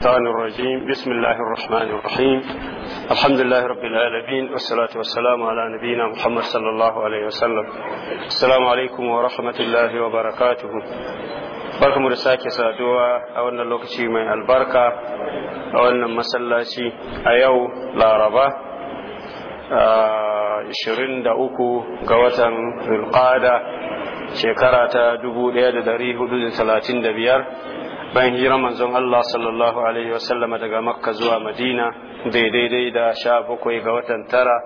الشيطان الرجيم بسم الله الرحمن الرحيم الحمد لله رب العالمين والصلاة والسلام على نبينا محمد صلى الله عليه وسلم السلام عليكم ورحمة الله وبركاته barkamu da sake saduwa a wannan lokaci mai albarka a wannan masallaci a yau laraba 23 ga watan zulqada shekara ta 1435 bayan hira manzon Allah sallallahu alaihi wasallama daga makka zuwa madina daidai da sha bakwai ga watan tara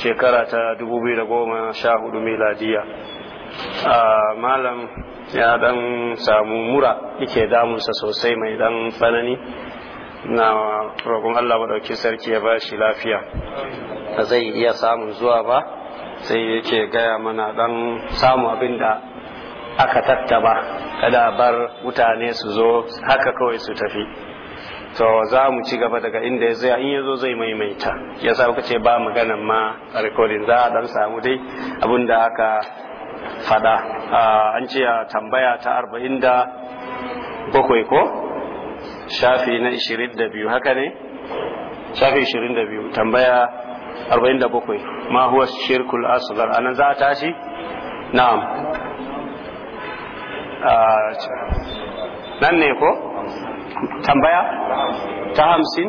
shekara ta dubu biyu da goma sha hudu miladiya malam ya dan samu mura yake damunsa sosai mai dan tsanani na rogon Allah maɗauki sarki ya ba shi lafiya ba zai iya samun zuwa ba sai yake gaya mana dan samu abin da aka tattaba kada bar mutane su zo haka kawai su tafi to za mu ci gaba daga inda ya in ya zo zai maimaita ya sa kuka ce ba maganan ma recording za a dan samu dai abin da aka fada an ce a tambaya ta arba'in da bakwai ko shafi na ishirin da biyu haka ne shafi ishirin da biyu tambaya arba'in da bakwai ma huwa shirkul asghar anan za a tashi na'am Ah, nan ne ko tambaya ta hamsin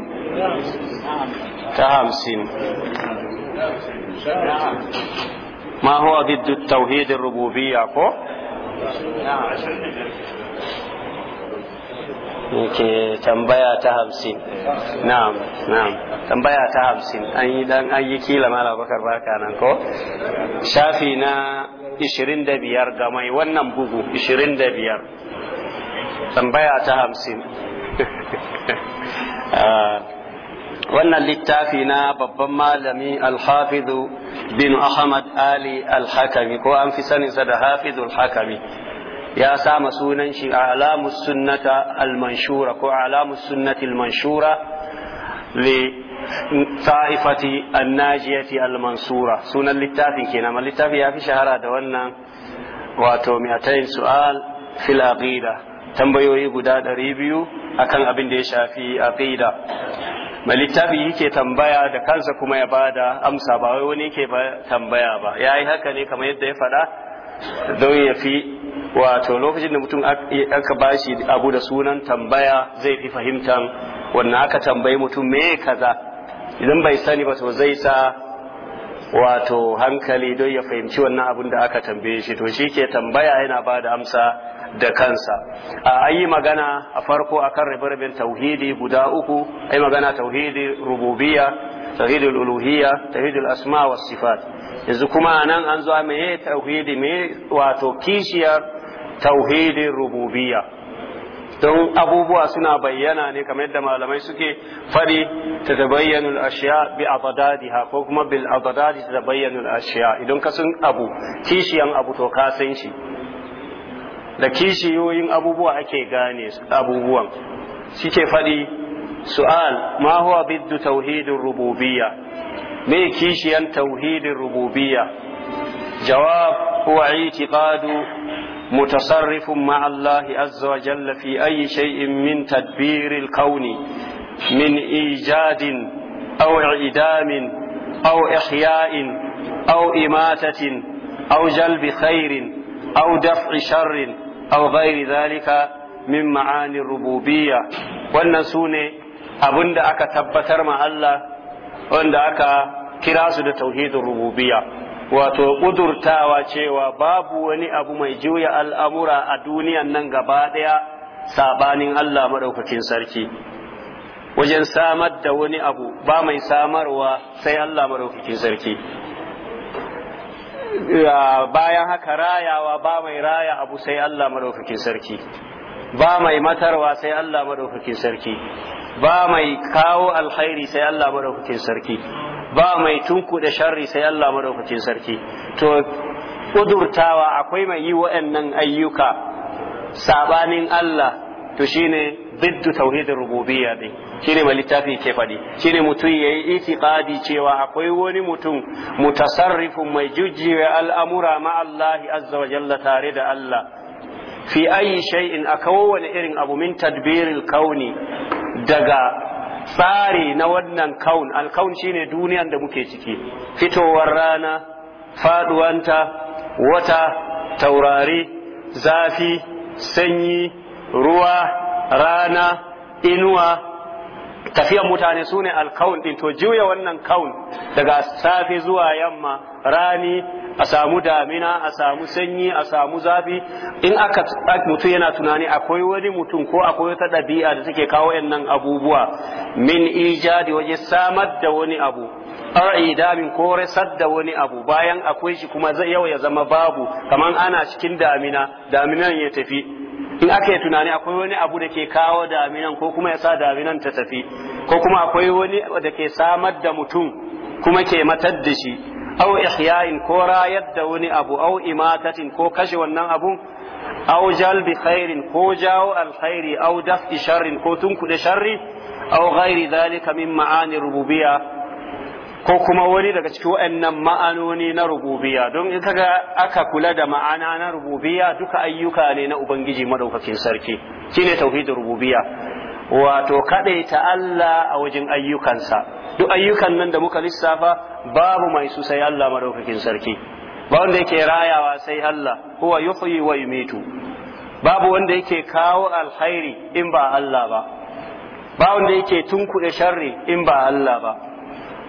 ta hamsin ma huwa biddu tauhidin rububiyya ko ke tambaya ta hamsin na'am na'am tambaya ta hamsin an yi dan an yi kila mala bakar baka nan ko shafi na 25 ga mai wannan bugu 25 tambaya ta hamsin ah, wannan littafi na babban malami alhafizu bin ahmad ali alhakami ko an fi saninsa da hafizul hakami ya sama sunan shi alamu sunnata Almanshura ko alamu sunnati al-manshura li ta'ifati an-najiyati sunan littafin kenan amma littafi ya fi shahara da wannan wato mi'atain su'al fil aqida tambayoyi guda 200 akan abin da ya shafi aqida mai littafi yake tambaya da kansa kuma ya bada amsa ba wai wani yake tambaya ba yayi haka ne kamar yadda ya faɗa don ya fi wato lokacin da mutum aka bashi abu da sunan tambaya zai fi fahimtan wannan aka tambayi mutum me kaza idan bai sani ba to zai sa wato hankali don ya fahimci wannan abun da aka tambaye shi to shi ke tambaya yana ba da amsa da kansa a yi magana a farko akan rabe-raben tauhidi guda uku ayi magana tauhidi rububiya tauhidul uluhiya tauhidul asma was sifat yanzu kuma nan an zo me tauhidi me wato kishiyar tauhidin rububiyya don abubuwa suna bayyana ne kamar yadda malamai suke faɗi ta tabayyanu al-ashiya bi adadadiha ko kuma bil adadadi ta tabayyanu ashiya idan ka sun abu kishiyan abu to ka san shi da kishiyoyin abubuwa ake gane abubuwan suke fadi su'al ma huwa biddu tauhidin rububiyya me kishiyan tauhidin rububiyya jawab huwa i'tiqadu متصرف مع الله عز وجل في أي شيء من تدبير الكون من إيجاد أو إعدام أو إحياء أو إماتة أو جلب خير أو دفع شر أو غير ذلك من معاني الربوبية والنسون أبند أكا تبتر مع الله وأند أكا كراس توحيد الربوبية wato ƙudurtawa cewa babu wani abu mai juya al'amura a duniyan nan gaba ɗaya saɓanin Allah maɗaukakin sarki wajen samar da wani abu ba mai samarwa sai Allah maɗaukakin sarki bayan haka rayawa ba mai raya abu sai Allah maɗaukakin sarki ba mai matarwa sai Allah maɗaukakin sarki ba mai kawo alkhairi sai Allah maɗaukakin sarki ba mai tunku da sharri sai Allah madaukakin sarki to kudurtawa akwai mai yi waɗannan ayyuka sabanin Allah to shine ضد توحيد الربوبية دي شيني ما لتافي كفدي شيني متوي اعتقادي cewa akwai wani mutum mutasarrifun mai jujjiwa al'amura ma Allah azza jalla tare da Allah fi ayi shay'in a kowane irin abu min tadbiril kauni daga tsari na wannan kaun alkaun shine duniyan da muke ciki fitowar rana faduwanta wata taurari zafi sanyi ruwa rana inuwa Tafiyar mutane su ne alkaun ɗin to juya wannan kaun daga safe zuwa yamma rani a samu damina a samu sanyi a samu zafi in aka mutum yana tunani akwai wani mutum ko akwai wata ɗabi'a da suke kawo yannan abubuwa min ijadi waje samar da wani abu damin ko resar da wani abu bayan akwai shi kuma yau ya zama babu kamar ana cikin damina daminan ya tafi in aka yi tunani akwai wani abu da ke kawo daminan ko kuma ya sa daminan ta tafi ko kuma akwai wani da ke samar da mutum kuma ke matar da shi au ihyain ko rayar da wani abu au imatatin ko kashe wannan abun au jalbi khairin ko jawo alkhairi au daf'i sharrin ko tunkuɗe sharri au ghairi zalika min ma'ani rububiyya ko kuma wani daga cikin waɗannan ma'anoni na rububiya don in kaga aka kula da ma'ana na rububiya duka ayyuka ne na ubangiji madaukakin sarki shine tauhidin rububiya wato ta Allah a wajen ayyukansa duk ayyukan nan da muka lissafa babu mai su sai Allah madaukakin sarki ba wanda yake rayawa sai Allah huwa yuhyi wa yumitu babu wanda yake kawo alkhairi in ba Allah ba ba wanda yake tunkuɗe sharri in ba Allah ba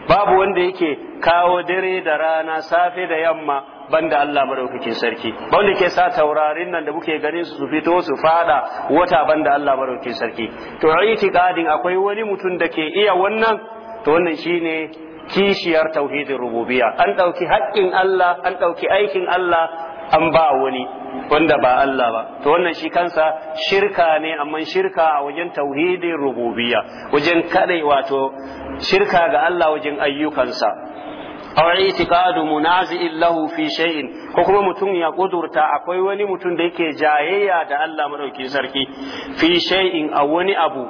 babu wanda yake kawo dare da rana safe da yamma banda Allah madaukakin sarki ba wanda ke sa taurarin nan da muke ganin su fito su fada wata banda Allah madaukakin sarki to itiqadin akwai wani mutum da ke iya wannan to wannan shine kishiyar tauhidin rububiyya an dauki haƙƙin Allah an dauki aikin Allah an ba wani wanda ba Allah ba to wannan shi kansa shirka ne amma shirka a wajen tauhidin rububiyya wajen kadai wato shirka ga Allah wajen ayyukansa aw i'tiqadu munazi'in lahu fi shay'in ko kuma mutum ya kudurta akwai wani mutum da yake jayayya da Allah madauki sarki fi shay'in a wani abu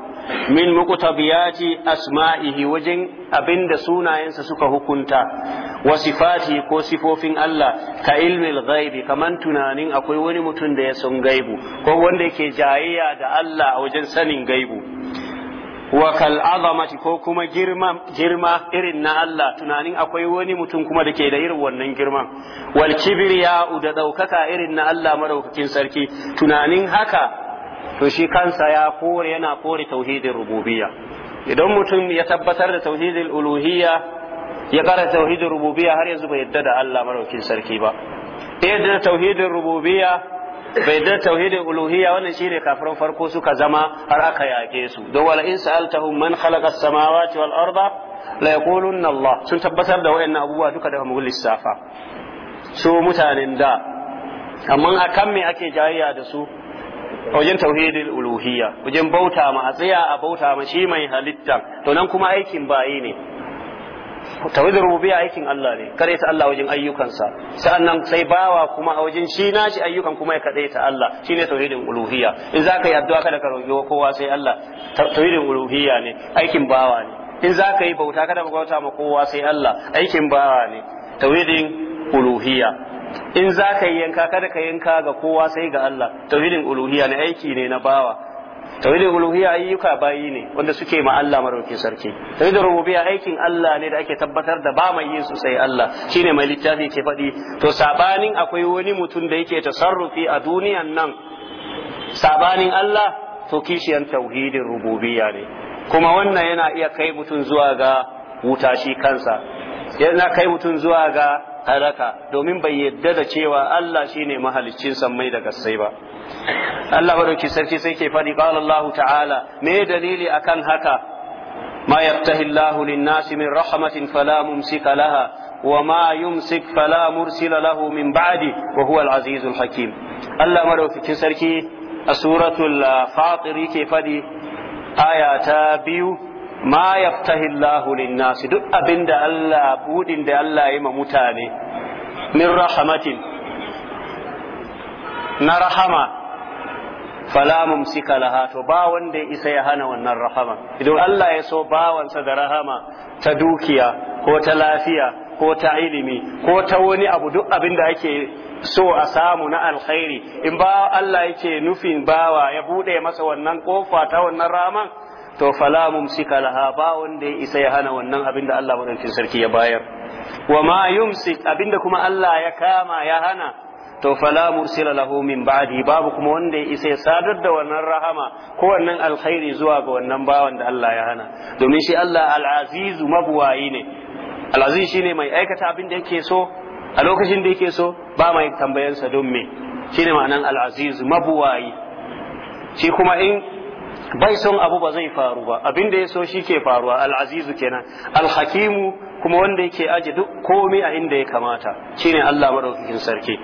min muqtabiyati asma'ihi wajen abinda sunayensa suka hukunta wa sifati ko sifofin Allah ka ilmil ghaibi kaman tunanin akwai wani mutum da ya san gaibu ko wanda yake jayayya da Allah a wajen sanin gaibu wa kal azamati ko kuma girma girma irin na Allah tunanin akwai wani mutum kuma da ke da irin wannan girman wal kibriya da daukaka irin na Allah madaukakin sarki tunanin haka to shi kansa ya kore yana kore tauhidin rububiyya idan mutum ya tabbatar da tauhidin uluhiyya ya kara tauhidin rububiyya har yanzu bai yadda da Allah madaukakin sarki ba yadda tauhidin rububiyya bai da tauhidin uluhiyya wannan shine kafirin farko suka zama har aka yake su don wala in sa'altahum man khalaqa as-samawati wal arda la yaqulunna Allah sun tabbatar da wayannan abubuwa duka da mu lissafa su mutanen da amma akan me ake jayayya da su wajen tauhidin uluhiyya wajen bauta ma a tsaya a bauta ma shi mai halitta to nan kuma aikin bayi ne tauhidul rububiyya aikin Allah ne kare ta Allah wajen ayyukansa sa'annan sai bawa kuma a wajen shi nashi ayyukan kuma ya kadai ta Allah shine tauhidin uluhiyya in zaka yi addu'a kada ka roki kowa sai Allah tauhidin uluhiyya ne aikin bawa ne in zaka yi bauta kada ka bauta ma kowa sai Allah aikin bawa ne tauhidin uluhiyya in zaka yi yanka kada ka yanka ga kowa sai ga Allah tauhidin uluhiyya ne aiki ne na bawa tawhidul uluhiyya ayyuka bayi ne wanda suke ma Allah maraukin sarki tawhidul rububiyya aikin Allah ne da ake tabbatar da ba mai yin su sai Allah shine mai littafi ke faɗi to sabanin akwai wani mutum da yake tasarrufi a duniyan nan sabanin Allah to kishiyan tauhidin rububiyya ne kuma wannan yana iya kai mutum zuwa ga wuta shi kansa yana kai mutum zuwa ga halaka domin bai yadda da cewa Allah shine mahaliccin sammai da gassai ba Allah madauki sarki sai ke faɗi qala Allah ta'ala me dalili akan haka ma yaftahi Allah lin-nasi min rahmatin fala mumsika laha وما يمسك فلا مرسل له من azizul hakim allah الحكيم sarki a سركي سورة الفاطر كيف دي آية بيو ma yaftahillahu linnasi duk abinda Allah budin da Allah ya ma mutane min rahamatin na rahama fala mumsika laha to ba wanda isa ya hana wannan rahama idan Allah ya so bawansa da rahama ta dukiya ko ta lafiya ko ta ilimi ko ta wani abu duk abin da ake so a samu na alkhairi in ba Allah yake nufin bawa ya bude masa wannan kofa ta wannan raman to fala mumsika laha ba wanda ya isa ya hana wannan abin da Allah madaukakin sarki ya bayar wa ma yumsik abinda kuma Allah ya kama ya hana to fala mursila lahu min ba'di babu kuma wanda ya isa ya sadar da wannan rahama ko wannan alkhairi zuwa ga wannan bawan da Allah ya hana domin shi Allah al aziz mabuwayi ne al-aziz shine mai aikata abin da yake so a lokacin da yake so ba mai tambayansa don me shine ma'anan al-aziz mabuwayi shi kuma in bai son abu ba zai faru ba abin da ya so shi ke faruwa al'azizu kenan alhakimu kuma wanda yake aje duk komai a inda ya kamata shine Allah madaukakin sarki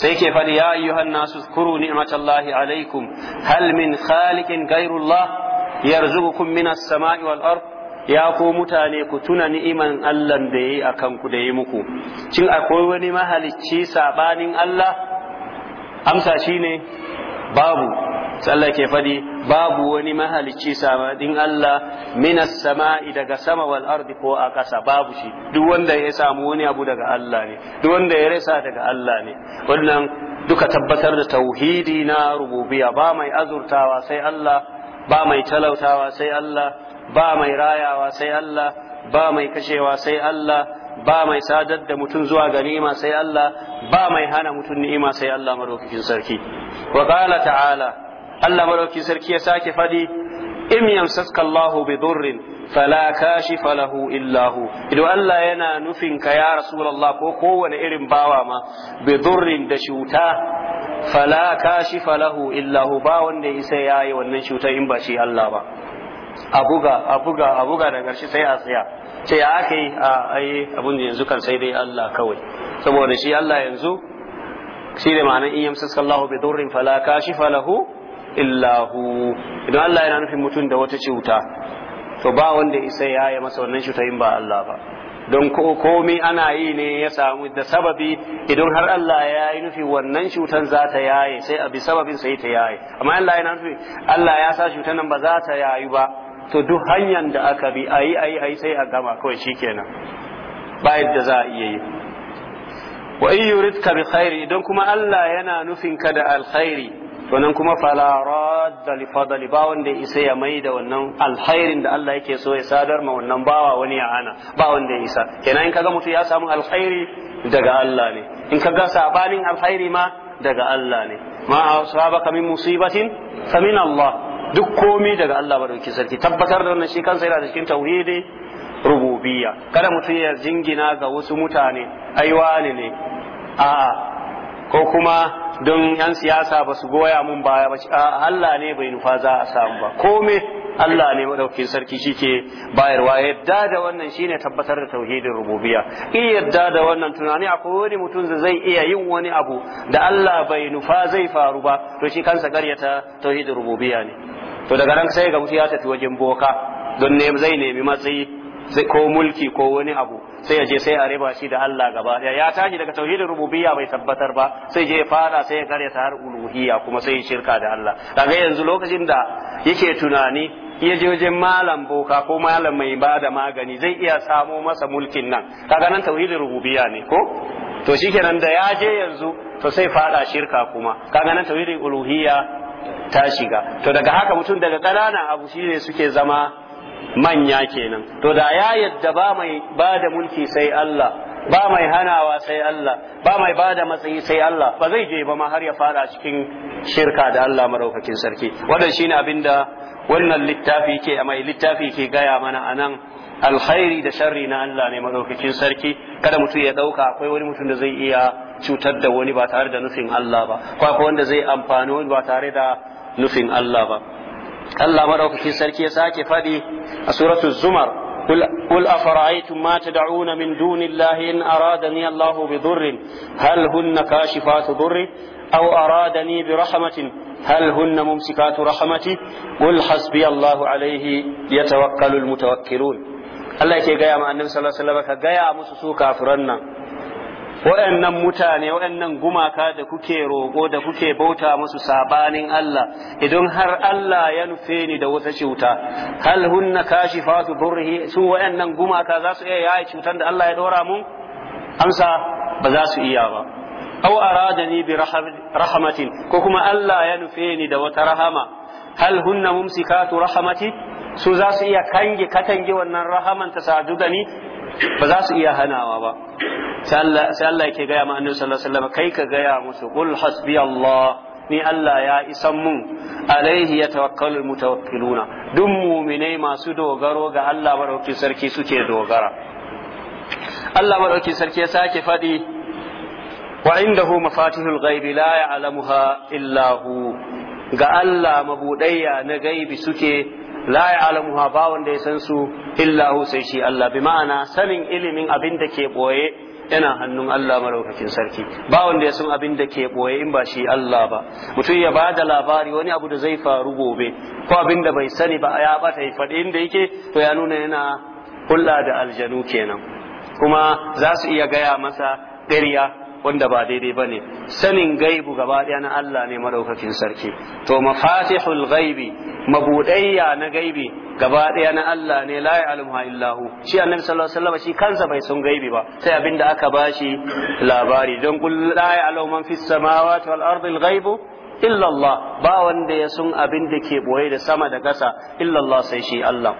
sai yake faɗi ya ayyuhan nasu kuru ni'matallahi alaikum hal min khaliqin ghairullah yarzuqukum minas sama'i wal ard ya ko mutane ku tuna ni'iman Allah da yayi akan ku da yayi muku cin akwai wani mahalicci sabanin Allah amsa shine babu sai Allah ke faɗi babu wani mahalicci samadin Allah minas sama'i daga sama wal ardi ko a ƙasa babu shi duk wanda ya samu wani abu daga Allah ne duk wanda ya rasa daga Allah ne wannan duka tabbatar da tauhidi na rububiyya ba mai azurtawa sai Allah ba mai talautawa sai Allah ba mai rayawa sai Allah ba mai kashewa sai Allah ba mai sadar da mutum zuwa ga ni'ima sai Allah ba mai hana mutum ni'ima sai Allah madaukakin sarki wa ta'ala Allah madauki sarki ya sake faɗi in yamsaka Allah bi durrin fala kashifa lahu illa hu idan Allah yana nufin ka ya rasulullah ko kowane irin bawa ma bi durrin da shuta fala kashifa lahu illa hu ba wanda isa yayi wannan shuta in ba shi Allah ba a buga a buga a buga da ƙarshe sai a tsaya ce ya aka yi a ayi abin yanzu kan sai dai Allah kawai saboda shi Allah yanzu shi da ma'anar in yamsaka Allah bi durrin fala kashifa lahu illahu idan Allah yana nufin mutum da wata cuta to ba wanda isa ya yi masa wannan cuta in ba Allah ba don komai ana yi ne ya samu da sababi idan har Allah ya yi nufi wannan cutan za ta yaye sai a bi sababin sai ta yaye amma Allah yana nufi Allah ya sa cutan nan ba za ta yayu ba to duk hanyar da aka bi ayi ayi ayi sai a gama kawai shikenan ba yadda za a iya yi wa in yuridka bi khairi idan kuma Allah yana nufin ka da alkhairi to nan kuma fala radda li fadli ba wanda isa ya mai da wannan alkhairin da Allah yake so ya sadar ma wannan bawa wani ya ana ba wanda ya isa kenan in kaga mutum ya samu alkhairi daga Allah ne in kaga sabanin alkhairi ma daga Allah ne ma asabaka min musibatin fa min Allah duk komai daga Allah ba madauki sarki tabbatar da wannan shi kansa yana da cikin tauhidi rububiyya kada mutum ya jingina ga wasu mutane aiwa ne ne a'a ko kuma don yan siyasa ba su goya mun baya ba Allah ne bai nufa za a samu ba kome Allah ne madaukakin sarki shike bayarwa yadda da wannan shine tabbatar da tauhidin rububiyya in yadda da wannan tunani akwai wani mutum da zai iya yin wani abu da Allah bai nufa zai faru ba to shi kansa karyata tauhidin rububiyya ne to daga nan sai ga mutum ya tafi wajen boka don ne zai nemi matsayi ko mulki ko wani abu sai ya je sai a riba shi da Allah gaba ya tashi daga tauhidin rububiyya bai tabbatar ba sai je fara sai ya karyata har uluhiyya kuma sai ya shirka da Allah kaga yanzu lokacin da yake tunani iya je wajen malam boka ko malam mai ba da magani zai iya samo masa mulkin nan kaga nan tauhidin rububiyya ne ko to shikenan da ya je yanzu to sai fara shirka kuma kaga nan tauhidin uluhiyya ta shiga to daga haka mutum daga ƙananan abu shine suke zama manya kenan to da ya yadda ba mai ba da mulki sai Allah ba mai hanawa sai Allah ba mai ba da matsayi sai Allah ba zai je ba ma har ya fara cikin shirka da Allah maraukakin sarki wannan shine abinda wannan littafi ke mai littafi ke gaya mana anan alkhairi da sharri na Allah ne madaukakin sarki kada mutum ya dauka akwai wani mutum da zai iya cutar da wani ba tare da nufin Allah ba ko akwai wanda zai amfani wani ba tare da nufin Allah ba Allah madaukakin sarki ya sake faɗi a suratul zumar قل أفرأيتم ما تدعون من دون الله إن أرادني الله بضر هل هن كاشفات ضر أو أرادني برحمة هل هن ممسكات رحمتي قل حسبي الله عليه يتوكل المتوكلون Allah yake gaya ma annabi sallallahu alaihi ka gaya musu su kafiran nan waɗannan mutane waɗannan gumaka da kuke roƙo da kuke bauta musu sabanin Allah idan har Allah ya nufe ni da wata cuta hal hunna kashifatu burhi su waɗannan gumaka za su iya yaye cutar da Allah ya ɗora mu amsa ba za su iya ba aw aradani bi rahmatin ko kuma Allah ya nufe ni da wata rahama hal hunna mumsikatu rahmati su za su iya kange katange wannan rahaman ta sadu da ni ba za su iya hanawa ba sai Allah yake gaya ma annabi sallallahu alaihi kai ka gaya musu qul hasbi Allah ni Allah ya isan mun alaihi ya tawakkalul mutawakkiluna duk muminai masu dogaro ga Allah madaukakin sarki suke dogara Allah madaukakin sarki ya sake faɗi wa inda indahu mafatihul ghaibi la ya'lamuha illa hu ga Allah mabudayya na gaibi suke la ha ba wanda ya san su illahu sai shi Allah bi ma'ana sanin ilimin abin da ke boye yana hannun Allah maraukakin sarki ba wanda ya san abin da ke boye in ba shi Allah ba mutum ya ba da labari wani abu da zai faru gobe ko abin da bai sani ba ya bata ya faɗi inda yake to ya nuna yana hulɗa da aljanu kenan kuma za su iya gaya masa ƙarya wanda ba daidai ba ne sanin gaibu gaba ɗaya na Allah ne maɗaukakin sarki to mafatihul gaibi mabuɗayya na gaibi gaba ɗaya na Allah ne la ya'lamuha illahu shi annabi sallallahu alaihi wasallam shi kansa bai san gaibi ba sai abinda aka bashi labari don kullu la ya'lamu man fis samawati wal ardi al ghaibu illallah ba wanda ya sun abin da ke boye da sama da ƙasa illallah sai shi Allah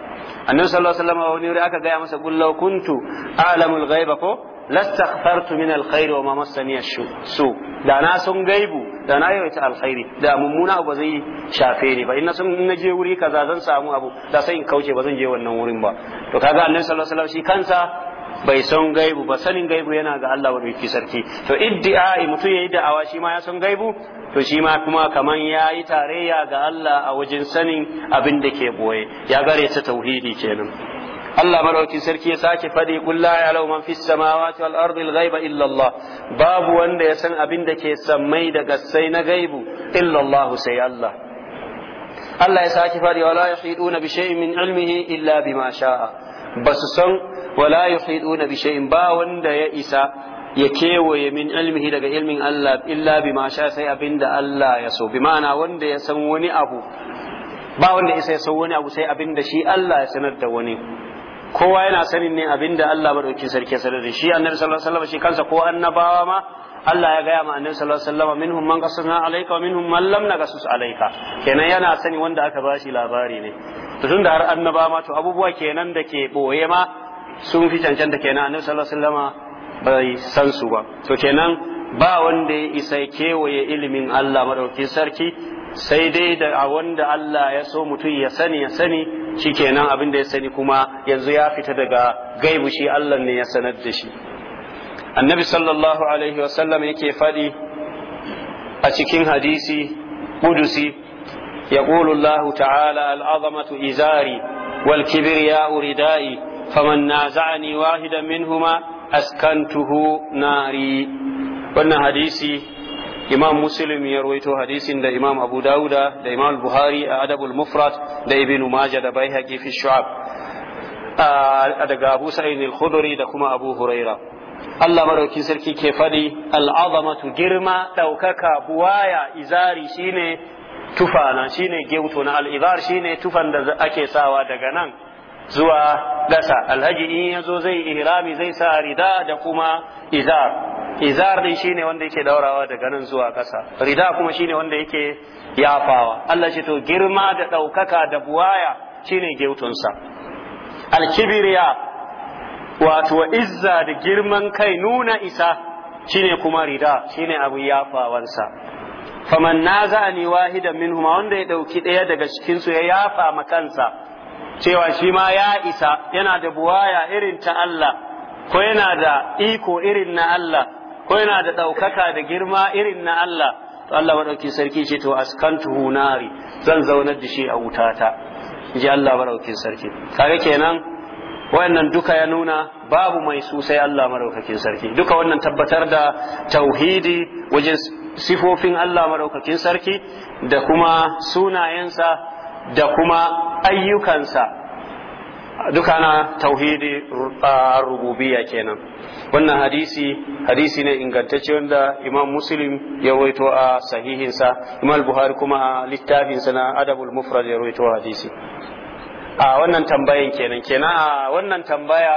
annabi sallallahu alaihi wasallam wani wuri aka gaya masa qul kuntu a'lamul ghaiba ko lastaghfartu min alkhairi wa ma su da na sun gaibu da na yawaita alkhairi da mummuna ba zai shafe ni ba in sun na je wuri kaza zan samu abu da sai in kauce ba zan je wannan wurin ba to kaga annabi sallallahu alaihi wasallam shi kansa bai san gaibu ba sanin gaibu yana ga Allah wa sarki to iddi'ai mutum yayi da'awa shi ma ya san gaibu to shi ma kuma kaman yayi tarayya ga Allah a wajen sanin abin da ke boye ya gare ta tauhidi kenan Allah madaukin sarki ya sake fadi qul ala man fis samawati wal ardi al ghaiba illa Allah babu wanda ya san abin da ke sammai da gassai na gaibu illa Allah sai Allah Allah ya sake fadi wala yuhiduna bi shay'in min ilmihi illa bima sha'a basu san wala yuhiduna bi shay'in ba wanda ya isa ya kewaye min ilmihi daga ilmin Allah illa bima sha'a sai abinda Allah ya so bi ma'ana wanda ya san wani abu ba wanda Isa ya san wani abu sai abinda shi Allah ya sanar da wani kowa yana sanin ne abinda Allah madaukakin sarki ya sanar da shi annabi sallallahu alaihi wasallam shi kansa ko annabawa ma Allah ya gaya ma annabi sallallahu alaihi wasallam minhum man qasasna alayka wa minhum man lam naqasus alayka kenan yana sani wanda aka ba shi labari ne to tunda har annabawa ma to abubuwa kenan da ke boye ma sun fi cancanta kenan annabi sallallahu alaihi wasallam bai san su ba to kenan ba wanda ya isa kewaye ilimin Allah madauki sarki sai dai da wanda Allah ya so mutum ya sani ya sani shi shikenan abin da ya sani kuma yanzu ya fita daga gaibu shi Allah ne ya sanar da shi annabi sallallahu alaihi wasallam yake faɗi a cikin hadisi kudusi ya الله izari wal إزاري والكبرياء urida'i فمن نازعني wahidan منهما askantuhu nari wannan hadisi imam muslim ya rawaito hadisin da imam abu dauda da imam buhari a adabul mufrad da ibn majah da baihaqi fi shu'ab daga abu sa'id al-khudri da kuma abu huraira Allah maraukin sarki ke faɗi al'azamatu girma ɗaukaka buwaya izari shine na shine geuto na al'izar shine tufan da ake sawa daga nan zuwa ƙasa. alhaji in yazo zai ihrami zai sa rida da kuma izar izar din shine wanda yake daurawa daga nan zuwa ƙasa rida kuma shine wanda yake yafawa Allah shi to girma da ɗaukaka da buwaya shine geutunsa alkibriya wato izza da girman kai nuna isa shine kuma rida shine abu yafawansa faman naza'ani wahidan minhuma wanda ya dauki ɗaya daga cikin su ya yafa makansa cewa shi ma ya isa yana da buwaya irin ta Allah ko yana da iko irin na Allah ko yana da ɗaukaka da girma irin na Allah to Allah maɗauki sarki ce to askantu hunari zan zaunar da shi a wuta ta. ji Allah maɗauki sarki kaga kenan wayannan duka ya nuna babu mai su sai Allah maɗaukakin sarki duka wannan tabbatar da tauhidi wajen sifofin Allah maɗaukakin sarki da kuma sunayensa da kuma ayyukansa Dukana tauhidi rububiyya kenan wannan hadisi hadisi ne ingantacce wanda imam muslim ya waito a sahihinsa imam buhari kuma a littafinsa na adabul mufrad ya waito hadisi a wannan tambayan kenan kenan a wannan tambaya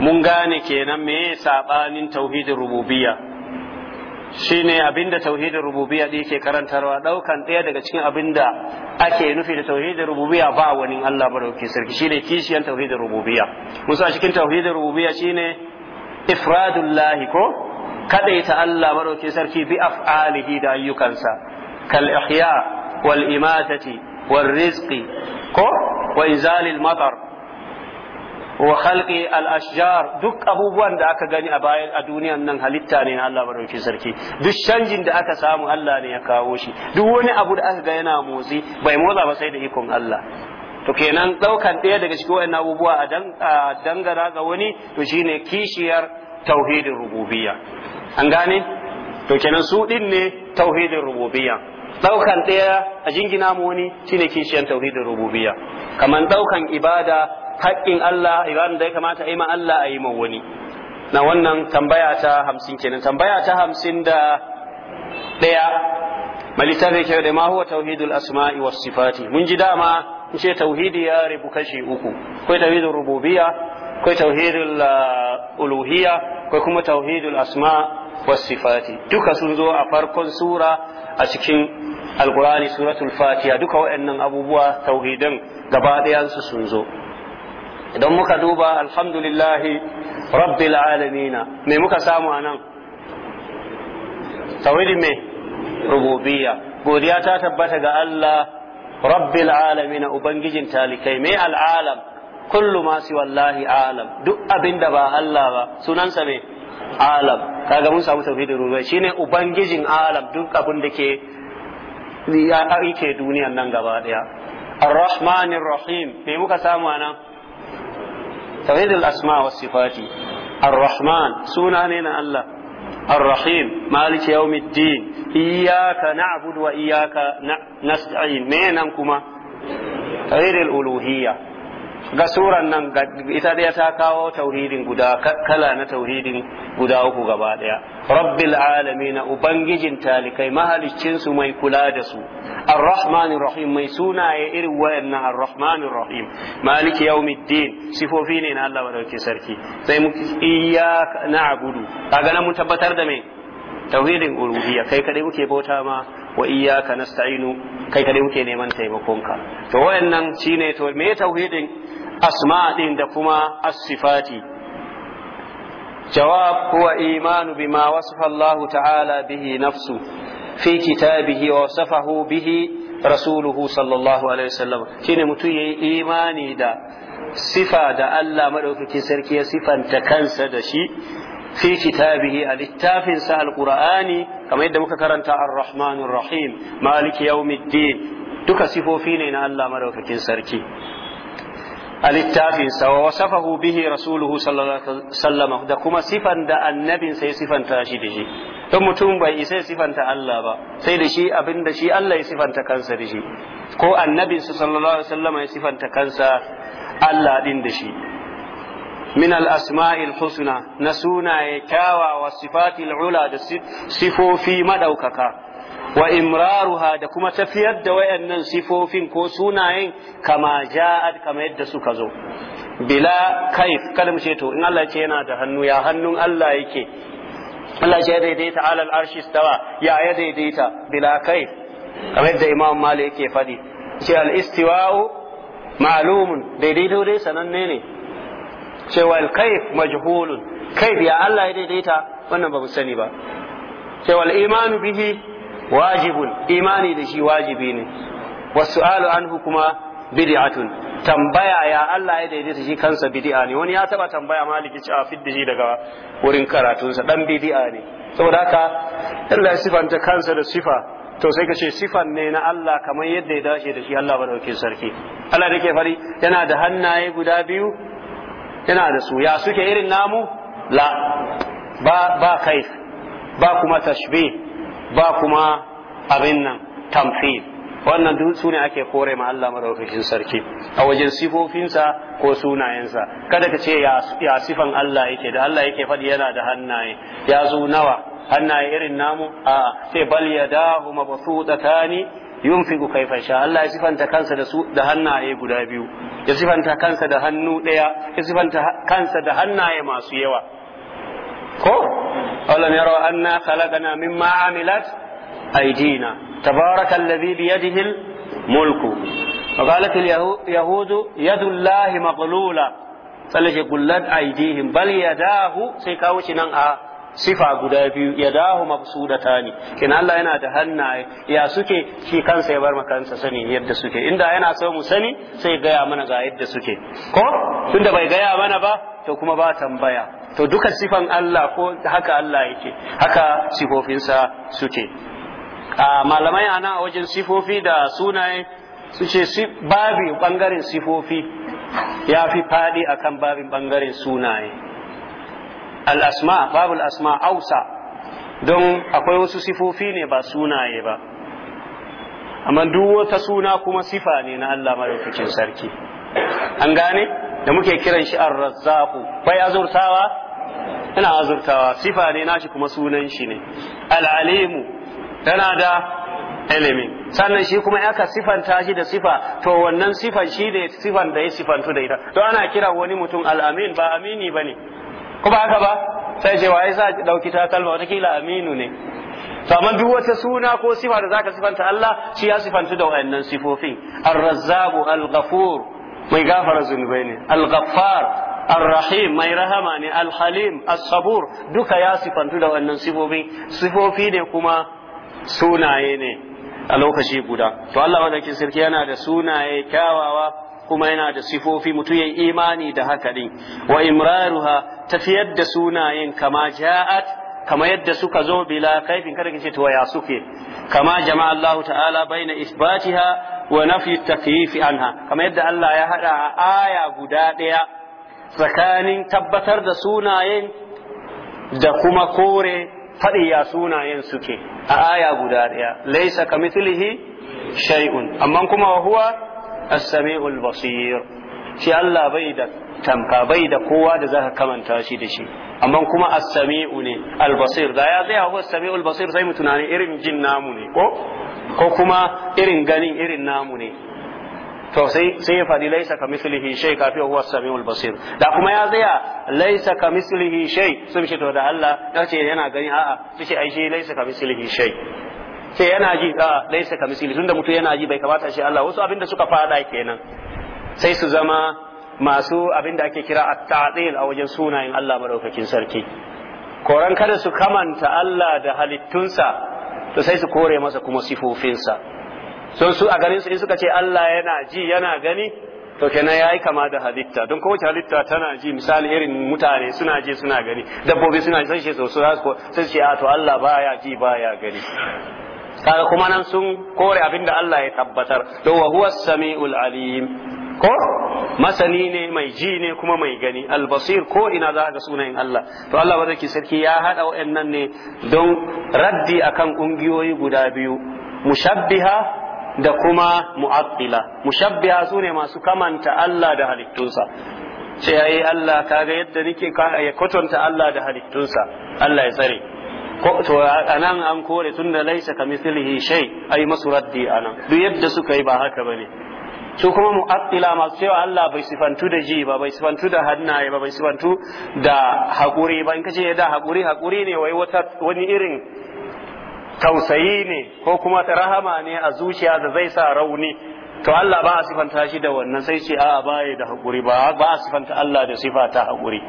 mun gane kenan me saɓanin tauhidin rububiyya abin da tauhidin rububiya da ke karantarwa ɗaukan ɗaya daga cikin abinda ake nufi da tauhidin rububiya ba wani Allah barauki sarki ne kishiyan tauhidin rububiya. musa cikin tauhidin rububiyya shine ifradullahi ko kadaita Allah barauki sarki bi af'alihi da ayyukansa kal ihya wal imatati wal rizqi ko wa izalil matar wa khalqi al ashjar duk abubuwan da aka gani a bayan a duniyan nan halitta ne na Allah madaukakin sarki duk canjin da aka samu Allah ne ya kawo shi duk wani abu da aka ga yana motsi bai motsa ba sai da ikon Allah to kenan daukan ɗaya daga cikin wayannan abubuwa a dangara ga wani to shine kishiyar tauhidin rububiyya an gane to kenan su din ne tauhidin rububiyya daukan ɗaya a jingina mu wani shine kishiyar tauhidin rububiyya kaman daukan ibada haƙƙin Allah ibadun da ya kamata a yi ma Allah a yi ma wani na wannan tambaya ta hamsin kenan tambaya ta hamsin da ɗaya malittafi kyau da ma huwa tauhidul asma'i was sifati mun ji dama in ce tauhidi ya rabu kashi uku akwai tauhidul rububiyya akwai tauhidul uh, uluhiyya akwai kuma tauhidul asma was sifati duka sun zo a farkon sura a cikin alkurani suratul fatiha duka waɗannan abubuwa tauhidan gaba ɗayansu sun zo idan muka duba alhamdulillahi rabbil alamina me muka samu a nan tawhidin me rububiyya godiya ta tabbata ga Allah rabbil alamina ubangijin talikai me al'alam kullu ma wallahi alam duk abinda ba Allah ba sunansa me alam kaga mun samu tauhidin rububiyya shine ubangijin alam duk abin da ke ya ake duniyan nan gaba daya الرحمن الرحيم me muka samu anan tawhidul asma was sifati ar-rahman suna ne na Allah ar-rahim maliki yawmiddin iyyaka na'budu wa iyaka nasta'in ne nan kuma tawhidul uluhiya. ga suran nan ita daya ta kawo tauhidin guda kala na tauhidin guda uku gaba daya rabbil alamin ubangijin talikai mahaliccin su mai kula da su arrahmanir rahim mai sunaye irin wayannan arrahmanir rahim maliki yawmiddin sifofi ne na Allah dauke sarki sai mu iyyaka na'budu kaga nan mun tabbatar da me tauhidin uluhiyya kai kadai muke bauta ma wa iyyaka nasta'inu kai kadai muke neman taimakonka to wayannan shine to me tauhidin asma'in da kuma asifati jawab huwa imanu bima wasafa Allah ta'ala bihi nafsu fi kitabihi wa safahu bihi rasuluhu sallallahu alaihi wasallam shine mutum yayi imani da sifa da Allah madaukakin sarki ya sifanta kansa da shi fi kitabihi a littafin sa alqur'ani kamar yadda muka karanta ar-rahmanur rahim maliki yawmiddin duka sifofi ne na Allah madaukakin sarki a littafinsa wa wasafahu bihi rasuluhu sallallahu da kuma sifan da annabin sai sifanta shi da shi don mutum bai isa sifanta Allah ba sai da shi abin da shi Allah ya sifanta kansa da shi ko annabin su sallallahu alaihi wasallam ya sifanta kansa Allah din da shi min al asma'il husna na sunaye kyawawa sifatil ula da sifofi madaukaka wa imraruha da kuma tafiyar da wayannan sifofin ko sunayen kama ja'ad kama yadda suka zo bila kaif kada mu ce to in Allah ce yana da hannu ya hannun Allah yake Allah ce ya daidaita alal arshi stawa ya ya daidaita bila kaif kama yadda Imam Malik yake fadi ce al istiwa'u ma'lumun daidaito dai sananne ne ce wal kaif majhulun kaif ya Allah ya daidaita wannan ba mu sani ba ce wal imanu bihi wajibun imani da shi wajibi ne wasu'alu an hukuma bid'atun tambaya ya Allah ya daidaita shi kansa bid'a ne wani ya taba tambaya maliki cewa fidda shi daga wurin karatunsa dan bid'a ne saboda haka Allah ya sifanta kansa da sifa to sai ka ce sifan ne na Allah kamar yadda ya dace da shi Allah ba dauke sarki Allah da ke fari yana da hannaye guda biyu yana da su ya suke irin namu la ba ba kaif ba kuma tashbih ba kuma abin nan tamfil wannan duk sune ake kore ma Allah madaukakin sarki a wajen sifofinsa ko sunayensa kada ka ce ya sifan Allah yake da Allah yake faɗi yana da hannaye ya zo nawa hannaye irin namu a sai bal yadahu mabsutatani yunfiqu kayfa sha Allah ya sifanta kansa da su da hannaye guda biyu ya sifanta kansa da hannu ɗaya ya sifanta kansa da hannaye masu yawa ko alam yaraw anna khalaqna mimma amilat aydina tabaraka alladhi bi yadihi mulku wa qalat al yahud yadu allahi maghlula sallace gullat aydihim bal yadahu sai kawo shi nan a sifa guda biyu yadahu mabsudatani kin Allah yana da hannaye ya suke shi kansa ya bar kansa sani yadda suke inda yana so mu sani sai gaya mana ga yadda suke ko tunda bai gaya mana ba to kuma ba tambaya to duka sifan Allah ko haka Allah yake haka sifofinsa suke a malamai ana wajen sifofi da sunaye su ce babi bangaren sifofi ya fi faɗi akan babin bangaren sunaye al-asma babul asma ausa don akwai wasu sifofi ne ba sunaye ba amma duk wata suna kuma sifa ne na Allah madaukakin sarki an gane da muke kiran shi ar razzaku bai azurtawa ina azurtawa sifa ne nashi kuma sunan shi ne al'alimu tana da ilimin sannan shi kuma aka sifanta shi da sifa to wannan sifan shi ne sifan da ya sifantu da ita to ana kira wani mutum al'amin ba amini ba ne kuma haka ba sai ce waye sa dauki wata kila aminu ne to amma duk wata suna ko sifa da zaka sifanta Allah shi ya sifantu da wayannan sifofin ar-razzaq al-ghafur mai gafara zunubai ne al-ghaffar Ar-Rahim mai Rahma ne al Asabur duka ya sifantu da wannan sifofi sifofi ne kuma sunaye ne a lokaci guda to Allah madaukin sarki yana da sunaye kyawawa kuma yana da sifofi mutum ya imani da haka din wa imraruha tafiyar da sunayen kama ja'at kama yadda suka zo bila kaifin kada ce to ya suke kama jama'a Allah ta'ala baina isbatiha wa nafyi takyif anha kama yadda Allah ya hada aya guda daya tsakanin tabbatar da sunayen da kuma kore faɗi ya sunayen suke a aya guda ɗaya laisa ka mithlihi shay'un amma kuma wa huwa as-sami'ul basir shi Allah bai da tamka bai da kowa da zaka kamanta shi da shi amma kuma as-sami'u ne al-basir da ya zai huwa as-sami'ul basir sai mu tunani irin jin namu ne ko ko kuma irin ganin irin namu ne to sai sai ya faɗi laisa ka mislihi shay kafi huwa samiul basir da kuma ya tsaya laisa ka mislihi shay sun ce to da Allah ya ce yana gani a'a su ce ai shi laisa ka shay sai yana ji a laisa ka mislihi tunda mutum yana ji bai kamata shi Allah wasu abinda suka fada kenan sai su zama masu abinda ake kira at-ta'dil a wajen sunayen Allah madaukakin sarki koran kada su kamanta Allah da halittunsa to sai su kore masa kuma sifofinsa so su a ganin su in suka ce Allah yana ji yana gani to kenan yayi kama da halitta don kowace halitta tana ji misali irin mutane suna ji suna gani dabbobi suna ji sai so su sai ce a to Allah baya ji baya gani kaga kuma nan sun kore abinda Allah ya tabbatar don wa huwa samiul alim ko masani ne mai ji ne kuma mai gani albasir ko ina za ga sunayen Allah to Allah ba zai sarki ya hada wa'annan ne don raddi akan kungiyoyi guda biyu mushabbiha da kuma mu'attila mushabbiha sune masu kamanta Allah da halittunsa Sai yayi Allah kaga yadda nake ya kwatanta Allah da halittunsa Allah ya tsare to anan an kore tunda laisa kamithlihi shay ai masu raddi anan duk yadda suka yi ba haka bane su kuma mu'attila masu cewa Allah bai sifantu da ji ba bai sifantu da hannaye ba bai sifantu da hakuri ba in kace eh, da haƙuri haƙuri ne wai wata wani irin tausayi ne ko kuma rahama ne a zuciya da zai sa rauni to Allah ba a sifanta shi da wannan sai ce a baye da haƙuri ba ba a sifanta Allah da sifa ta haƙuri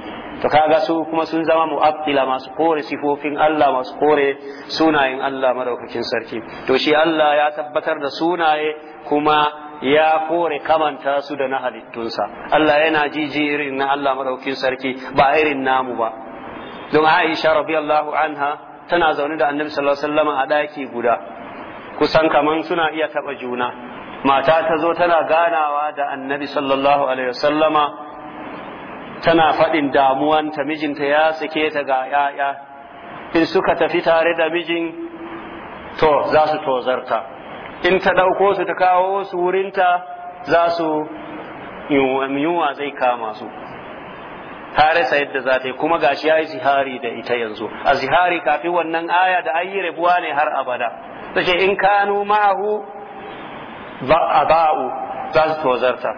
to kaga su kuma sun zama mu'abila masu kore sifofin Allah masu kore sunayen Allah madaukakin sarki to shi Allah ya tabbatar da sunaye kuma ya kore kamanta su da na halittunsa Allah yana jiji irin na Allah madaukin sarki ba irin namu ba don Aisha radiyallahu anha tana zaune da annabi sallallahu alaihi wasallam a ɗaki guda kusan kaman suna iya taɓa juna mata ta zo tana ganawa da annabi sallallahu alaihi wasallama tana faɗin damuwanta mijinta ya sake ta ga ‘ya'ya in suka tafi tare da mijin to za su tozarta in ta ɗauko su ta kawo su wurinta za su yunwa zai kama su ta rasa yadda za ta yi kuma gashi ya yi zihari da ita yanzu a zihari kafin wannan aya da an yi rabuwa ne har abada ta ce in kanu ma'ahu a ba'u za su tozarta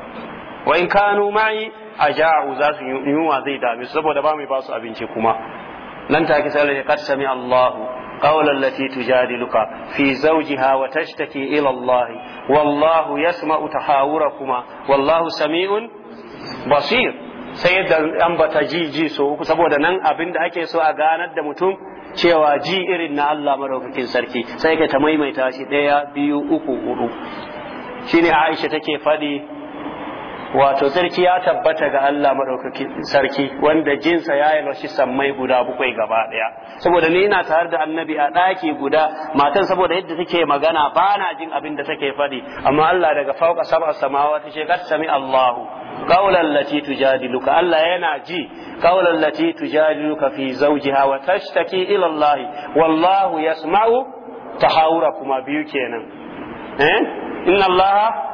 wa in kanu ma'i a ja'u za su yunwa zai dame saboda ba mu ba su abinci kuma nan take sai ne kad sami Allahu قول التي تجادلك في زوجها وتشتكي إلى الله kuma Wallahu تحاوركما والله سميع بصير sai da ambata ji ji so saboda nan abin da ake so a ganar da mutum cewa ji irin na Allah maraukakin sarki sai ka ta maimaita shi ɗaya biyu uku hudu shine Aisha take faɗi wato sarki ya tabbata ga Allah madaukaki sarki wanda jinsa ya yi shi sammai guda bakwai gaba daya saboda ni ina tare da annabi a ɗaki guda matan saboda yadda take magana ba na jin abin da take faɗi amma Allah daga fauka sab'a ta ce kat sami Allahu qawlan lati tujadiluka Allah yana ji qawlan lati tujadiluka fi zawjiha wa tashtaki ila Allah wallahu yasma'u tahawura kuma biyu kenan eh inna Allah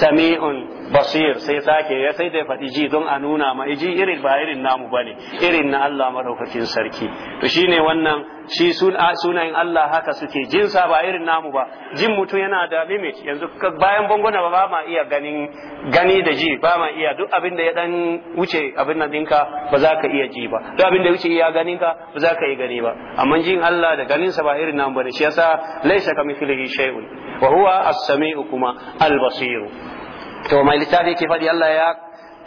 sami'un basir sai sake ya sai da faɗi ji don a nuna ma ji irin ba irin namu bane irin na Allah madaukakin sarki to shine wannan shi sunayen Allah haka suke jinsa ba irin namu ba jin mutum yana da limit yanzu bayan bangona ba ba ma iya ganin gani da ji ba ma iya duk abin da ya dan wuce abin nan dinka ba za ka iya ji ba duk abin da wuce iya ganin ka ba za ka iya gani ba amma jin Allah da ganin sa ba irin namu ba shi yasa laisa mithlihi shay'un wa huwa as-sami'u kuma al-basir to mai littafi ke faɗi Allah ya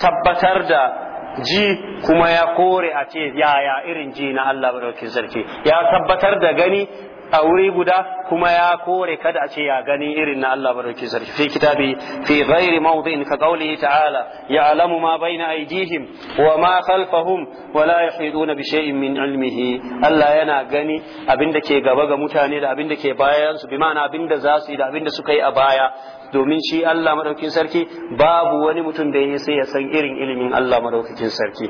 tabbatar da ji kuma ya kore a ce yaya irin ji na Allah madaukakin sarki ya tabbatar da gani a wuri guda kuma ya kore kada a ce ya gani irin na Allah madaukakin sarki fi kitabi fi ghairi mawdin ka qawlihi ta'ala ya'lamu ma baina aydihim wa ma khalfahum wa la yuhiduna bi shay'in min ilmihi Allah yana gani abinda ke gaba ga mutane da abinda ke bayan su bi ma'ana abinda za su yi da abinda suka yi a baya domin shi Allah madaukakin sarki babu wani mutum da yake sai ya san irin ilimin Allah madaukakin sarki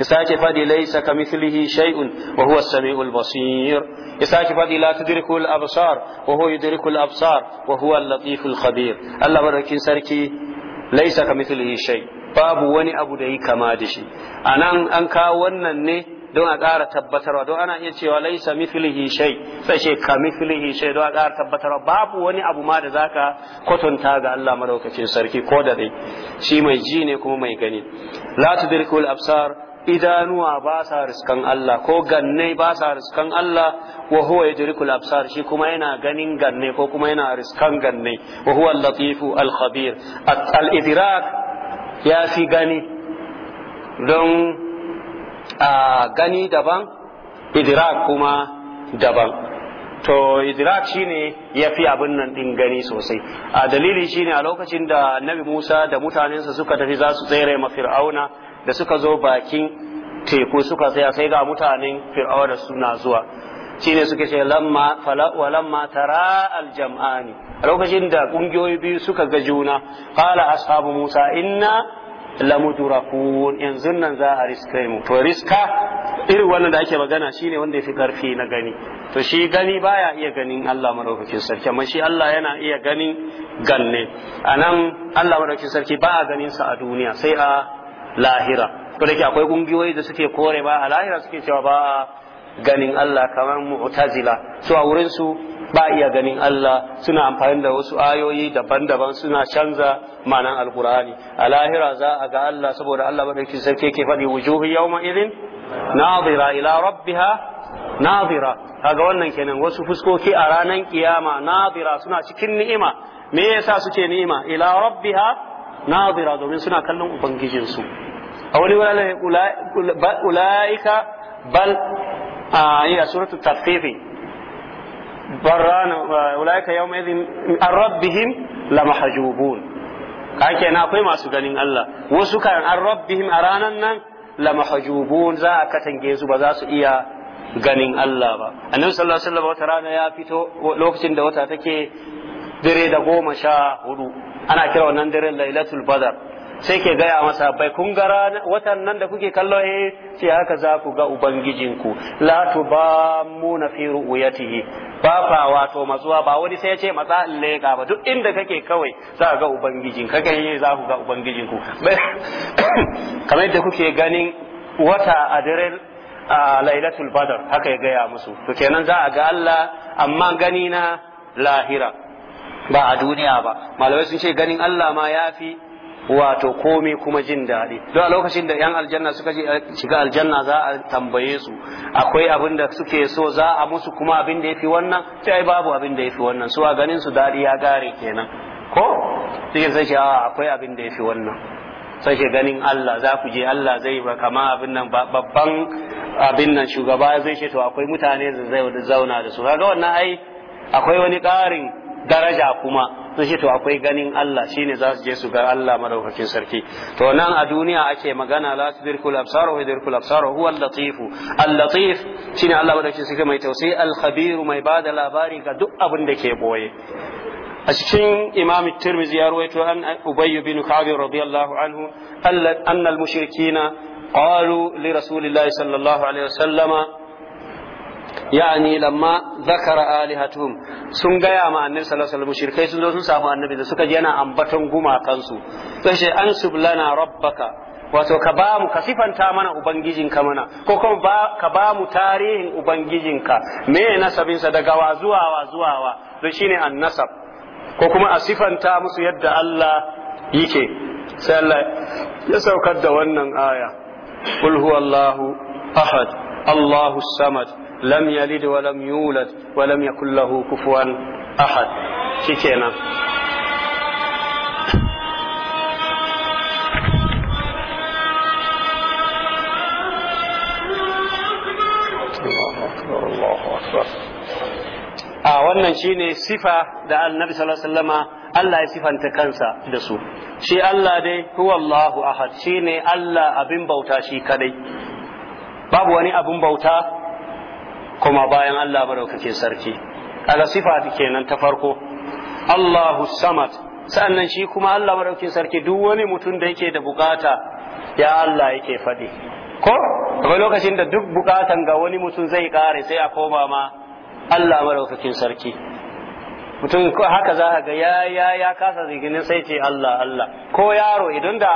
ya sake fadi faɗi kamithlihi shay'un wa huwa as-sami'ul basir ya sake fadi la tudriku al-absar wa huwa yudriku al-absar latiful khabir Allah madaukakin sarki laysa kamithlihi shay babu wani abu da yake kama da shi anan an kawo wannan ne don a ƙara tabbatarwa don ana iya cewa laisa mithlihi shay sai ce ka mithlihi shay don a ƙara tabbatarwa babu wani abu ma da zaka kwatanta ga Allah madaukakin sarki ko da dai shi mai ji ne kuma mai gani la tudrikul absar idanuwa ba sa riskan Allah ko ganne ba sa riskan Allah wa huwa yudrikul absar shi kuma yana ganin ganne ko kuma yana riskan ganne wa huwa al-latifu al-khabir al-idrak ya fi gani don A gani daban idrak kuma daban to idrak shine ya fi abin nan din gani sosai a dalili shine a lokacin da nabi musa da mutanensa suka tafi za su tsere ma fir'auna da suka zo bakin teku suka tsaya sai ga mutanen fir'auna suna zuwa shine suka ce lamma wa tara aljam'ani a lokacin da kungiyoyi biyu suka ga juna qala ashabu musa inna lamudurakun yanzu nan za a riska mu to riska irin wannan da ake magana shine wanda yafi karfi na gani to shi gani baya iya ganin Allah madaukakin sarki amma shi Allah yana iya ganin ganne anan Allah madaukakin sarki ba a ganin sa a duniya sai a lahira to da akwai kungiyoyi da suke kore ba a lahira suke cewa ba ganin Allah kamar mu'tazila su a wurin su ba iya ganin Allah suna amfani da wasu ayoyi daban-daban suna canza ma'anan alqur'ani a lahira za a ga Allah saboda Allah madaukakin sarki ke faɗi wujuhi yawma idhin nadira ila rabbiha nadira kaga wannan kenan wasu fuskoki a ranar kiyama nadira suna cikin ni'ima me yasa suke ni'ima ila rabbiha nadira domin suna kallon ubangijinsu a wani wani ula'ika bal هي سورة التثقيف بران أولئك يومئذ عن ربهم لمحجوبون kake na akwai masu ganin Allah wasu kan an rabbihim a ranar nan la mahjubun za a katange su ba za su iya ganin Allah ba annabi sallallahu alaihi wata rana ya fito lokacin da wata take dare da goma sha hudu ana kira nan daren lailatul badar sai ke gaya masa bai kun gara watan nan da kuke kallo eh sai haka za ku ga ubangijinku la na fi ru'yatihi ba fa wato matsuwa ba wani sai ya ce matsa leka ba duk inda kake kawai za ga ubangijin ka ganye za ku ga ubangijinku kamar yadda kuke ganin wata a daren a lailatul badar haka ya gaya musu to kenan za a ga Allah amma gani na lahira ba a duniya ba malamai sun ce ganin Allah ma ya fi wato komai kuma jin daɗi don a lokacin da 'yan aljanna suka eh, shiga aljanna za a tambaye su akwai abin da suke so za a musu kuma abin da ya fi wannan sai babu abin da ya fi wannan su a ganin su daɗi ya gare kenan ko suke sai ce akwai abin da ya fi wannan sai ke ganin Allah za ku je Allah zai ba kama abin nan babban abin nan shugaba zai ce to akwai mutane zai zauna da su kaga wannan ai akwai wani ƙarin daraja kuma sun ce to akwai ganin Allah shine za su je su ga Allah madaukakin sarki to nan a duniya ake magana la tudrikul absar wa yudrikul absar huwa al-latif al-latif shine Allah madaukakin sarki mai tausayi al-khabir mai bada labari ga duk abin da ke boye a cikin imam tirmizi ya ruwaito an ubayy bin ka'ab radiyallahu anhu anna al-mushrikina qalu li rasulillahi sallallahu alaihi wasallama yani lamma zakara alihatuhum sun gaya ma annabi sallallahu alaihi wasallam shirkai sun zo sun samu annabi da suka ji yana ambaton gumakansu sai ce an sublana rabbaka wato ka ba mu ka sifanta mana ubangijinka mana ko kuma ka ba mu tarihin ubangijinka me nasabinsa daga wa zuwa wa zuwa wa to shine annasab ko kuma a sifanta musu yadda Allah yake sai Allah ya saukar da wannan aya qul huwallahu ahad Allahu samad lam yalid wa lam yulad wa lam yakul lahu kufuwan ahad shikenan a wannan shi ne sifa da annabi sallallahu alaihi wasallama Allah ya sifanta kansa da su shi Allah dai huwallahu ahad Shi ne Allah abin bauta shi kadai babu wani abin bauta kuma bayan Allah madaukakin sarki kaga sifa kenan ta farko Allahu samad sa'annan shi kuma Allah madaukakin sarki duk wani mutum da yake da bukata ya Allah yake faɗi ko akwai lokacin da duk bukatan ga wani mutum zai kare sai a koma ma Allah madaukakin sarki mutum ko haka za ka ga ya ya ya kasa zikinin sai ce Allah Allah ko yaro idan da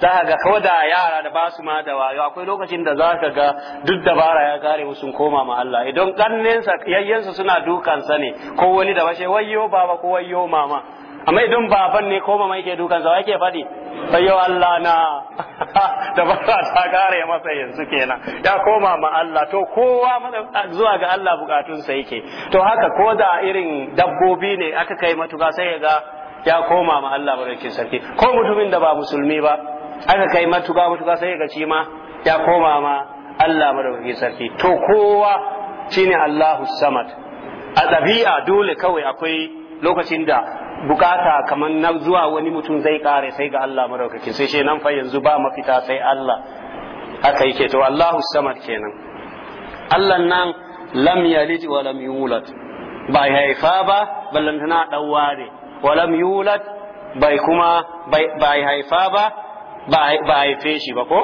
za ka ga ko da yara da basu ma da wayo akwai lokacin da za ka ga duk dabara ya kare musu koma ma Allah idan kannensa yayyensa suna dukansa ne ko wani da bashe wayyo baba ko wayyo mama amma idan baban ne ko mama yake dukan sa yake faɗi sai yau Allah na da ba ta kare masa yanzu kenan ya koma ma Allah to kowa zuwa ga Allah bukatun sa yake to haka ko da irin dabbobi ne aka kai matuka sai ga ya koma ma Allah barkin sarki ko mutumin da ba musulmi ba aka kai matuka matuka sai ga shi ma ya koma ma Allah madaukakin sarki to kowa shine Allahu samad a ɗabi'a dole kawai akwai lokacin da bukata kamar na zuwa wani mutum zai kare sai ga Allah maraukakin sai ce nan fa yanzu ba mafita sai Allah haka yake to Allahu samad kenan Allah nan lam yalid wa lam yulad bai haifa ba ballantana dan ware wa lam yulad bai kuma bai haifa ba ba haife shi ba ko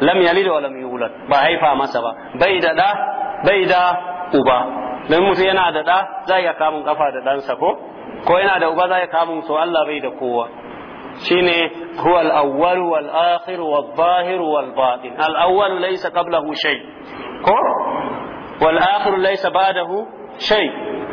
lam yalid wa lam yulad ba haifa masa ba bai da da bai da uba dan mutum yana da da zai ya kamun kafa da ɗansa ko ko yana da uba zai kamun so Allah bai da kowa shine huwa al-awwal wal akhir wal zahir wal batin al-awwal laysa qablahu shay ko wal akhir laysa ba'dahu shay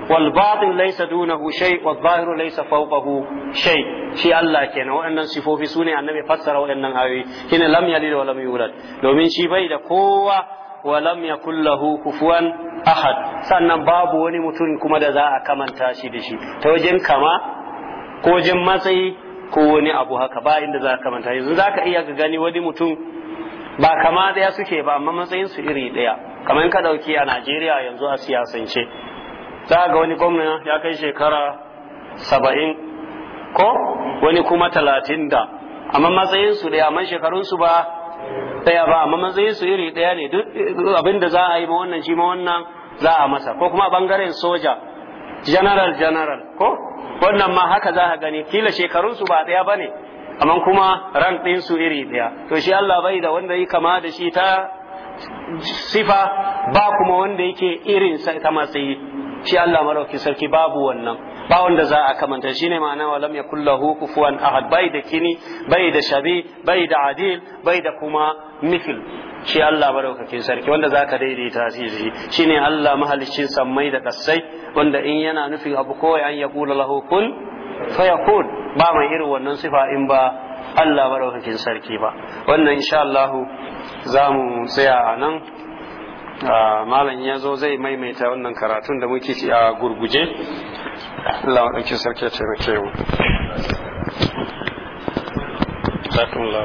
wal batin laysa dunahu shay wal zahir laysa fawqahu shay shi Allah kenan waɗannan sifofi sune annabi fassara waɗannan ayoyi shine lam yalid wa lam yulad domin shi bai da kowa wa lam yakul lahu kufuwan ahad sannan babu wani mutum kuma da za a kamanta shi da shi ta wajen kama ko wajen matsayi ko wani abu haka ba inda za a kamanta yanzu za ka iya ka gani wani mutum ba kama daya suke ba amma matsayin su iri daya kamar ka dauki a Najeriya yanzu a siyasance za ga wani gwamna ya kai shekara saba'in ko wani kuma talatin da amma matsayin su daya amma shekarun su ba ɗaya ba amma matsayin su iri ɗaya ne duk abin da za a yi ma wannan shi ma wannan za a masa ko kuma bangaren soja general general ko wannan ma haka za a gani kila shekarun su ba ɗaya bane amma kuma ran ɗin su iri ɗaya to shi Allah bai da wanda yi kama da shi ta sifa ba kuma wanda yake irin sai ta matsayi shi Allah marauki sarki babu wannan ba wanda za a kamanta shi ne ma'ana wa lam yakullahu kufuwan ahad bai da kini bai da shabi bai da adil bai da kuma mithl shi Allah maraukakin sarki wanda za ka daidaita shi shine Allah mahaliccin sammai da kasai wanda in yana nufin abu kawai an kula lahu kun fayakun ba mai irin wannan sifa in ba Allah madaukakin sarki ba wannan insha Allah za mu tsaya a nan ah, malam ya zo zai maimaita wannan karatun da muke a gurguje Allah sarki ya taimake mu